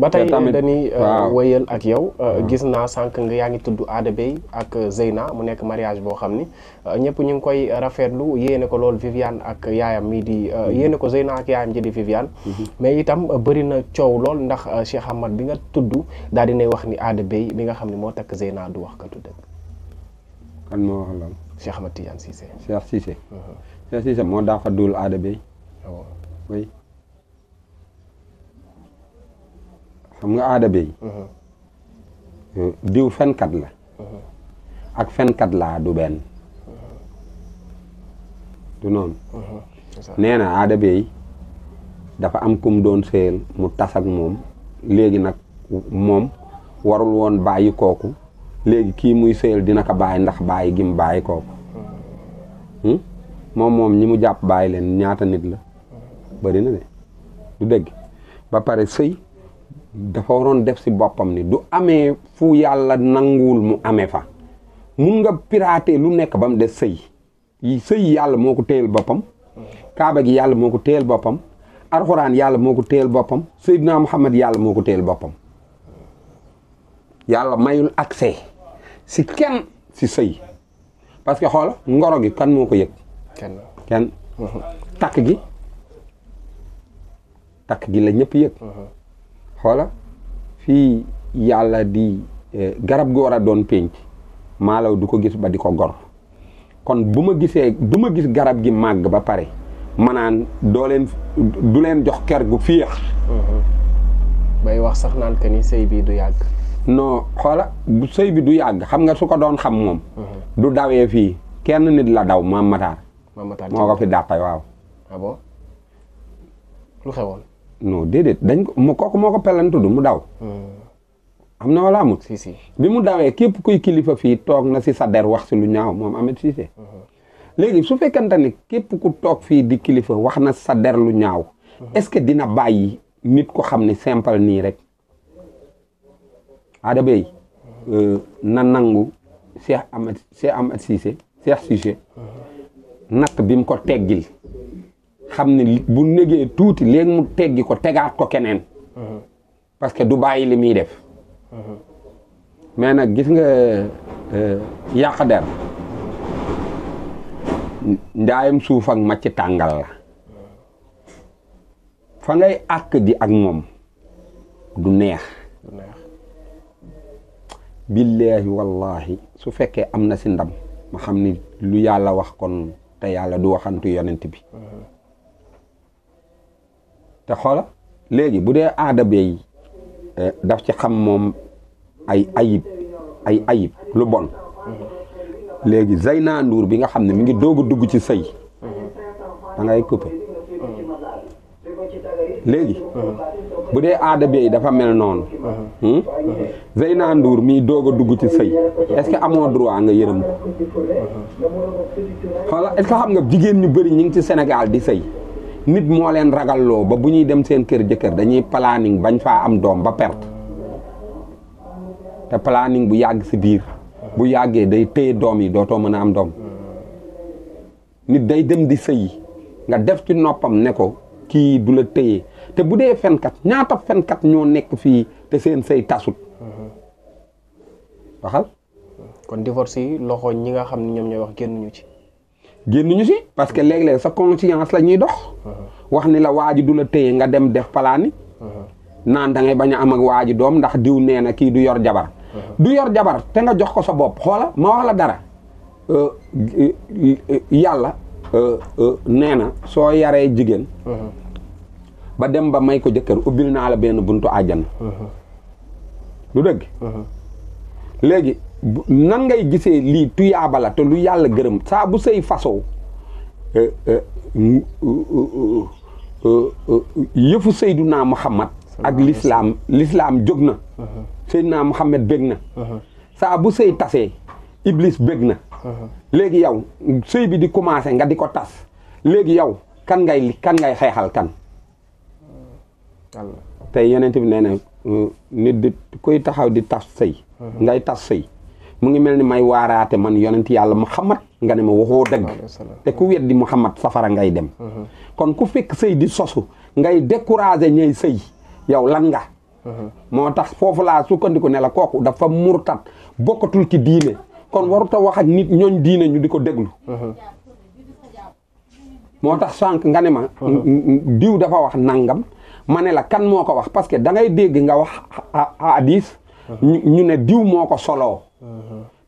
ba tey dañuy euh, wëyal ak yow euh, mm-hmm. gis naa sànq nga yaa ngi tudd Ada Bey ak Zeyna mu nekk mariage boo xam ni euh, ñëpp ñu ngi koy rafetlu yéene ko lool Viviane ak yaayam mii di mm-hmm. yéene ko Zeyna ak yaayam ji di Viviane mm-hmm. mais itam bëri na coow lool ndax Cheikh Ahmad bi nga tudd daal dinay wax ni Ada Bey bi nga xam ne moo takk Zeyna du wax katu dëgg kan wax lool Cheikh Ahmad Tidiane Cissé Cheikh Cissé Cheikh xam nga aada bey mhm. euh, diw fenkat la mhm. ak fenkat laa du benn mhm. du noonu nee na aada dafa am kum doon seel mu tas ak moom léegi nag moom warul woon bàyyi kooku léegi kii muy seel dina ko bàyyi ndax bàyyi gim bàyyi kooku hmm? moom moom ñi mu jàpp bàyyi leen ñaata nit la bari de du dégg ba pare sëy dafa waroon def si boppam ni du amee fu yàlla nanguwul mu amee fa mun nga pirater lu nekk ba mu des sëy sëy yàlla moo ko téyel boppam kaaba gi yàlla moo ko téyel boppam alxuraan yàlla moo ko téyel boppam Seydina Muhammad yàlla moo ko téyel boppam yàlla mayul ak accès si kenn si sëy parce que xoola ngoro gi kan moo ko yëg kenn kenn mhm. takk gi takk gi la ñëpp yëg mhm. xoola fii yàlla di eh, garab gu war a doon pénc maalaw du ko gis ba di ko gor kon bu ma gisee du ma gis garab gi màgg ba pare manaan doo leen du leen jox ker gu fiix mm-hmm. bay wax sax naan que ni sëy bi du yàgg noo xoola bu sëy bi du yàgg xam nga su ko doon xam moom mm-hmm. du dawee fii kenn nit la daw maam mataar moo ko fi dàqay waaw ah lu xewoon non déedéet dañ ko mu kooku moo ko pelantudu mu daw. Hmm. am na wala amul. bi mu dawee képp kuy kilifa fii toog na si sa der wax si lu ñaaw moom Ahmed Cissé. Hmm. léegi su fekkente ne képp ku toog fii di kilifa wax na sa der lu ñaaw. Hmm. est-ce que dina bàyyi nit ko xam ne simple nii rek. Ada Beye euh, na nangu Cheikh Ahmed Cheikh Ahmed Cissé Cheikh Cissé natt bi mu ko teggil. xam ni bu négee tuuti léegi mu teggi ko tegaat ko keneen parce que du bàyyi li muy def mais nag gis nga euh, yàq der ndaayam suuf ak ma tàngal la fa ngay àkk di ak moom du neex billaahi wallaahi su fekkee am na si ndam ma xam ni lu yàlla wax kon te yàlla du waxantu yonent bi mm-hmm. xoola léegi bu dee aadaba yi eh, daf ci xam moom ay ayib ay ayib bon mm-hmm. léegi Zeyna Ndour bi nga xam ne mi ngi doog a dugg ci sëy mm-hmm. da ngay coupé mm-hmm. léegi bu dee aada bi dafa mel noonu hmm? Zeyna Ndour mii doog a dugg ci sëy est-ce que amoo droit nga yërëm ko xoola est xam nga jigéen ñu bëri ñu ngi ci Sénégal di sëy nit moo leen ragalloo ba bu ñuy dem seen kër jëkkër dañuy planning bañ faa am doom ba perte te planning bu yàgg si biir bu yàggee day téye doom yi dootoo mën a am doom nit day dem di sëyi nga def ci noppam ne ko kii du la téye te bu dee fenkat ñaata fenkat ñoo nekk fii te seen sëy tasut mm-hmm. waxal kon divorce yi loxo ñi nga xam ne ñoom ñooy wax kenn ñu ci gennuñu ci parce que léeg-léeg sa conscience lañuy dox uh-huh. wax ni la waji dula teye nga dem def palaani uh-huh. nan da ngay baña am ak waji dom ndax diw neena ki du yor jabar uh-huh. du yor jabar te nga jox ko sa bop xola ma wax la dara euh, euh, yàlla euh, euh neena so yare jigen ba dem ba may ko jëkkër ubil na la ben buntu du deug legi nan ngay gisee lii tuyaaba la te lu yàlla gërëm saa bu sëy fasoo euh, euh, euh, yëfu Seydunaa Muhammad ak lislaam lislaam jóg na uh-huh. Seydunaa Muhammad bég na uh-huh. saa bu sëy tasee iblis bég na uh-huh. léegi yow sëy bi di commencé nga di ko tas léegi yow kan ngay kan ngay xeexal kan tey yonent bi nee na nit di koy taxaw di tas sëy ngay tas say mu ngi melni may waaraate man yonenti yalla muhammad nga ne ma waxo deug te ku weddi muhammad safara ngay dem mhm. kon ku fekk sey di sosu ngay décourager ñey sey yow lan nga mhm. motax fofu la laa sukkandiku ne la kooku dafa murtat bokatul ci diine kon ta wax ak nit ñooñ diine ñu di deglu motax mhm. sank nga ne ma diiw dafa wax nangam manela kan moko wax parce que da ngay deg nga wax hadis ñu ne diiw moko solo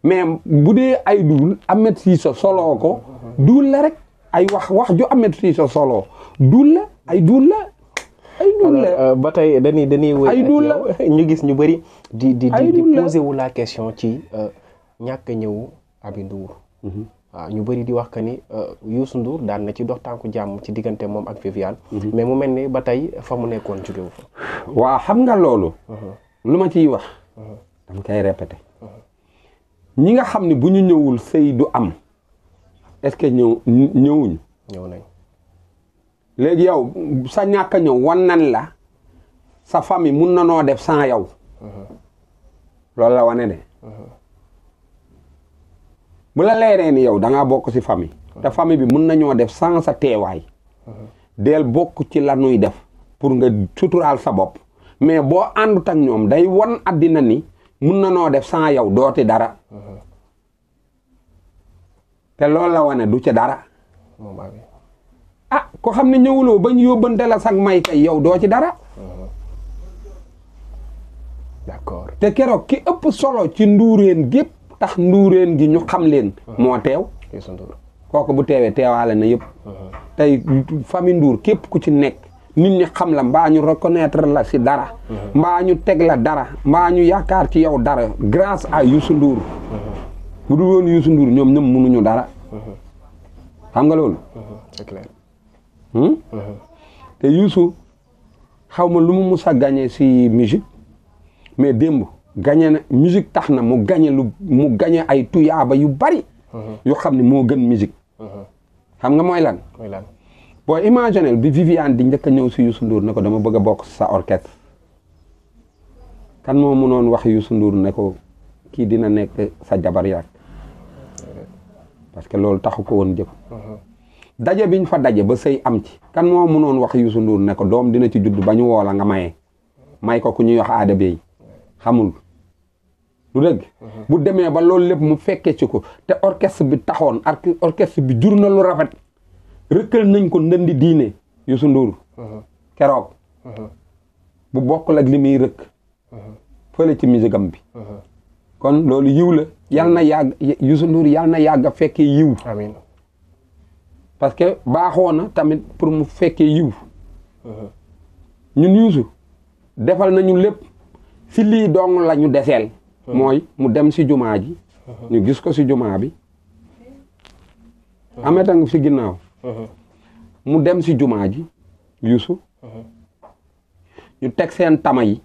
mais bu dee ay duul Ahmed Cissé soloo ko duul la rek ay wax wax ju Ahmed Cissé soloo duul la ay duul la ay duul la euh, ba tey dañuy dañuy wëy ay ñu gis ñu bëri di di wu la question ci euh, ñàkk ñëw Aby Ndour mhm. waa ñu bëri di wax que ni euh, Youssou Ndour daan na ci dox tànku jàmm ci diggante moom ak Viviane mhm. mais mu mel ni ba tey fa mu nekkoon jóge wu fa waaw xam nga loolu mhm. lu ma ciy wax dama koy répété ñi nga xam ne bu ñu ñëwul sëy du am est-ce que ñëw ñëwuñu. ñëw nañ léegi yow sa ñàkk ñëw wan nañ la sa famille mun na noo def sans yow. Mhm. loolu la wane de. Mhm. bu la leeree ni yow da bokk si famille. Mhm. te famille bi mun nañoo def sans sa teewaay. del bokk ci la nuy def. pour nga suturaal sa bopp. mais boo àndut ak ñoom day won àddina ni. mun na noo def sans yow dooti dara te loolu la wane du ci dara a ah ko xam ne ñëwuloo bañ yóbbante la sag may kay yow doo ci dara d'accord te keroog ki ëpp solo ci nduuréen gépp tax nduuréen gi ñu xam leen moo teew kooku bu teewee teewaale na yëpp uh-huh. tey famille Ndour képp ku ci nekk nit ñi xam la mbaa ñu reconnaître la si dara mm-hmm. mbaa ñu teg la dara mbaa ñu yaakaar ci yow dara grâce à Youssou Ndour mm-hmm. bu du woon Youssou Ndour ñoom ñoom mënuñu dara mm-hmm. xam nga loolu c'est hmm? te Youssou xaw ma lu mu mus a gagné si musique mais démb gañe na musique tax na mu gagné lu mu gagné ay tuyaaba yu bari yoo xam ne moo gën musique xam nga mooy lan bo imaginel bi vivian di njëkk a ñëw si Youssou Ndour nako dama bëgg bok sa orchestre kan mo mënon wax Youssou Ndour nako ki dina nekk sa jabar yaak parce que lool taxu ko woon jëf daje biñ fa daje ba sey am ci kan mo mënon wax Youssou Ndour nako dom dina ci judd bañu wola nga maye may ko ku ñuy wax aada xamul lu dëgg bu démé ba lool lepp mu fekkee ci ko te orchestre bi taxoon ak orchestre bi jur rafet rëkkal nañ ko ndëndi diine Youssou Ndour mhm. keroog mhm. bu bokk ak li muy rëkk mhm. fële ci musigam bi kon loolu yiw la yal na yàgg Youssou Ndour yal na yàgg a fekkee yiw amiin parce que baaxoo na tamit pour mu fekkee yiw ñu Youssou defal nañu lépp si lii dong la ñu deseel mooy mu dem si jumaa ji ñu gis ko si jumaa bi amee tang si ginnaaw mu dem si jumaa ji yuusu ñu teg seen tama yi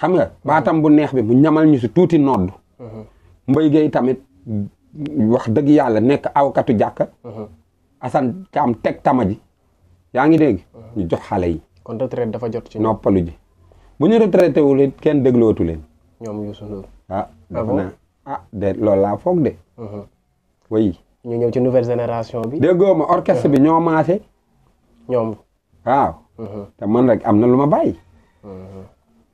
xam nga baatam bu neex bi mu ñamal ñu si tuuti nodd mbay géey tamit wax dëgg yàlla nekk awkatu jàkka asan caam teg tama ji yaa ngi dégg ñu jox xale yi kon dafa jot ci noppalu ji bu ñu retraité wul it kenn déglootu leen ñoom Youssou Ndour ah, ah dafa naa ah de loolu laa foog de way ñu ñëw ci nouvelle génération bi. déggoo ma orchestre bi ñoo maase. ñoom. waaw. Mhm. te man rek am na lu ma bàyyi. Mhm.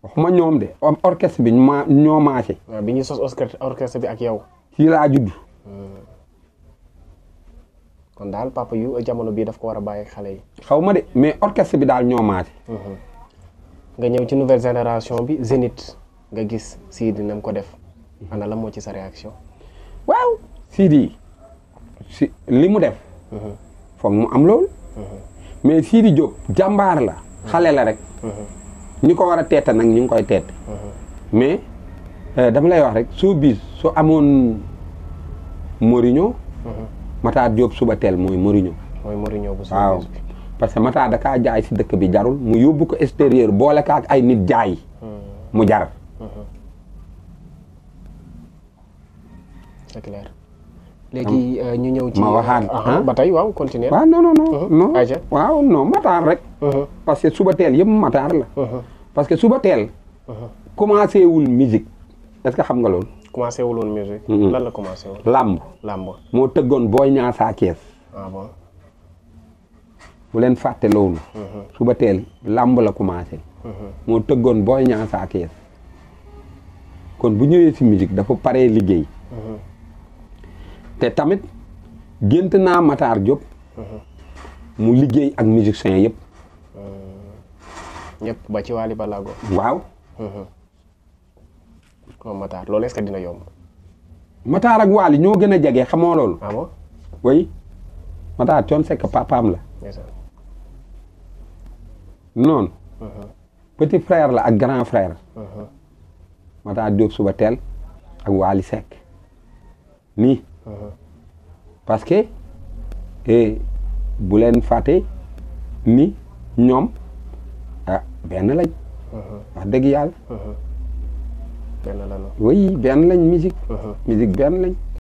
waxuma ñoom de orchestre bi ma ñoo maase. waaw ah, bi ñuy sos orchestre bi ak yow. kii laa judd. Mhm. kon daal papa yu jamono bii daf ko war a bàyyi xale yi. xaw ma de mais orchestre bi daal ñoo maase. nga ñëw ci nouvelle génération bi Zénith nga gis Sidi na ko def. ana la moo ci sa réaction. waaw Sidi. si limu def def. fam mu am hmm mais Sidi job jambar la xalé la rek. hmm ñiko wara tété nak ñing koy tété hmm mais euh dama lay wax rek so bis so amone Mourinho. mata job suba tel moy Mourinho. moy Mourinho bu bis parce que mata da ka jaay ci dekk bi jarul mu yobbu ko extérieur bolé ka ak ay nit jaay. Hmm. mu jar. Hmm. c'est clair. léegi mm. euh, ñu ñëw ci ma waxaat euh, ba tey waaw continuer waaw non non mm-hmm. waaw non mataar rek mm-hmm. parce que suba teel yëpp mataar la mm-hmm. parce que suba teel commencé wul musique est-ce que xam nga loolu commencé wul woon musique lan la commencé woon làmb làmb moo tëggoon booy ñaa saa kees leen fàtte loolu suba teel làmb la commencé moo tëggoon booy ñaa saa kon bu ñëwee si musique dafa paree liggéey te tamit gént naa Matar Diop. mu liggéey ak musiciens yëpp. ñëpp ba ci Wally Ballago. waaw. moom Matar loolu est-ce dina yomb. Matar ak Wally ñoo gën a jage xamoo loolu. ah bon oui Matar coon la. noonu. Uh-huh. petit frère la ak grand frère. Uh-huh. Matar Diop suba teel ak Wally Seck nii. Uh-huh. parce que et leen fàtte ni ah nous, uh-huh. a dëgg uh-huh. oui musique. musique